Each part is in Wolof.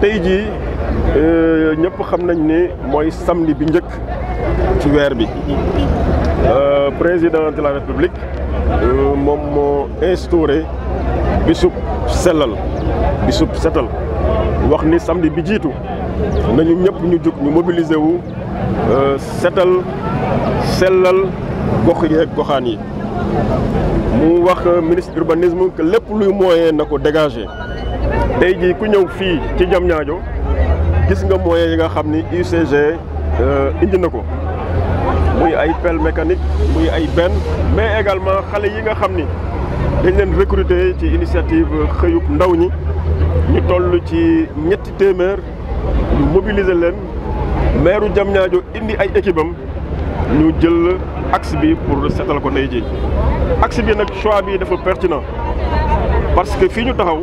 tey jii euh, ñëpp xam nañ ni mooy samedi bi njëkk ci weer bi euh, président de la république euh, moom moo instauré bisub sellal bisub setal wax ni samedi bi jiitu nañu ñëpp ñu jug ñu mobiliser wu setal sellal gox yeeg goxaan yi mu wax ministre urbanisme que lépp luy moyen na dégager day jii ku ñëw fii ci jamñaajo gis nga moyens yi nga xam ni UCG euh, indi na ko muy ay pelle mécanique muy ay benn mais également xale yi nga xam ni dañ leen recruter ci initiative xëyub ndaw ñi ñu toll ci ñetti téeméer ñu mobiliser leen maire Diamniadio indi ay équipe ñu jël axe bi pour seetal ko tey jii axe bi nag choix bi dafa pertinent parce que fii ñu taxaw.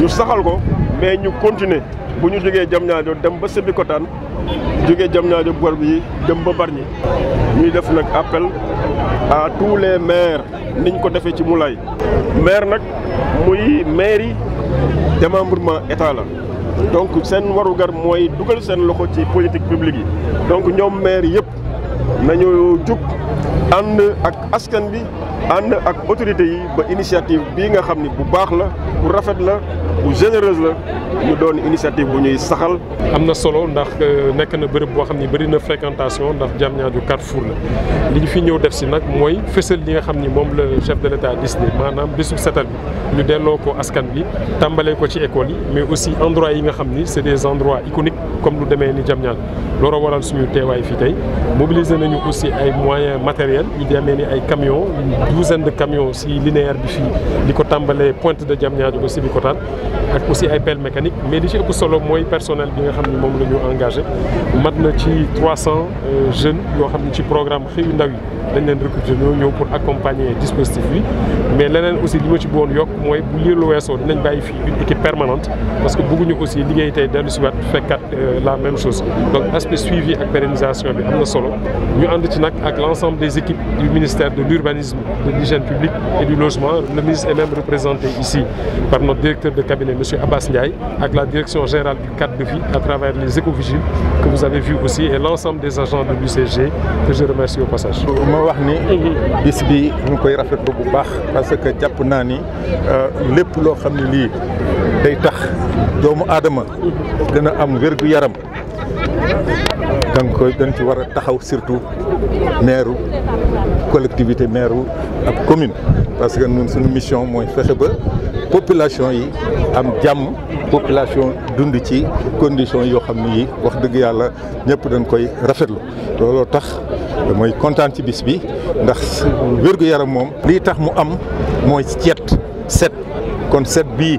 ñu saxal ko mais ñu continuer bu ñu jógee jam ñaajo dem ba sibikotaan jógee jam ñaajo bor bi dem ba barñi ñuy def nag appel à tous les maires niñ ko defee ci mulay maire nag muy maire yi démembrement état la donc seen warugar mooy dugal seen loxo ci politique publique yi donc ñoom maire yëpp nañu jug ànd ak askan bi ànd ak autorité yi ba initiative bii nga xam bu baax la bu rafet la bu genereuzler ñu doon initiative bu ñuy saxal. am na solo ndax euh, nekk na bërëb boo xam ni bëri na fréquentation ndax Diamniadio Carrefour la li ñu fi ñëw def si nag mooy fësal li nga xam ni moom la chef de l'État dis ne maanaam bésu setal bi ñu delloo ko askan bi tàmbalee ko ci école yi mais aussi endroit yi nga xam ni c'est des endroits iconiques comme lu demee ni Diamniadio loolu waral suñu teewaay fi tey mobiliser nañu aussi ay moyens matériels yu demee ni ay camions douzaine de camions si linéaire bi fii di ko tàmbalee Pointe de Diamniadio ba Sébikotane ak aussi ay pelle mécanique mais li ci ëpp solo moy personnel bi nga xamni mom lañu engagé mat na ci 300 euh, jeunes qui ont un ci programme qui ndaw dañ leen recruter pour accompagner dispositif bi mais leneen aussi li ma ci dire yok moy bu lii lu une équipe permanente parce que bëgguñu aussi liggéey tay dellu ci fekkat euh, la même chose donc aspect suivi ak pérennisation bi amna nous solo ñu avec ci l'ensemble des équipes du ministère de l'urbanisme de l'hygiène publique et du logement le ministre est même représenté ici par notre directeur de cabinet monsieur Abbas Ndiaye avec la direction générale du cadre de vie à travers les écovigiles que vous avez vu aussi et l'ensemble des agents de l'UCG que je remercie au passage. ma wax ni bis bi koy bu baax parce que jàpp naa ni euh, lépp loo xam ne lii day tax doomu adama, dina am wérgu yaram dañ koy ci war taxaw surtout maire collectivité maire ak commune parce que nous notre mission mooy fexe population yi am jàmm population dund ci condition yoo xam ne yi wax dëgg yàlla ñëpp dañ koy rafetlu looloo tax mooy kontaan ci bis bi ndax wérgu yaram moom lii tax mu am mooy set set kon set bii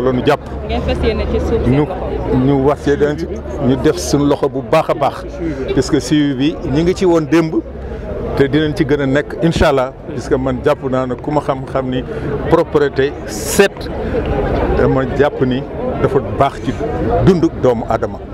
loolu la jàpp. ñu ñu wax ci ñu def suñu loxo bu baax a baax. puisque suivi bi ñi ngi ci woon démb. te dinañ ci gën a nekk incha allah puisque man jàpp naa ne ku ma xam-xam ni seet set dama jàpp ni dafa baax ci dunduk doomu Adama.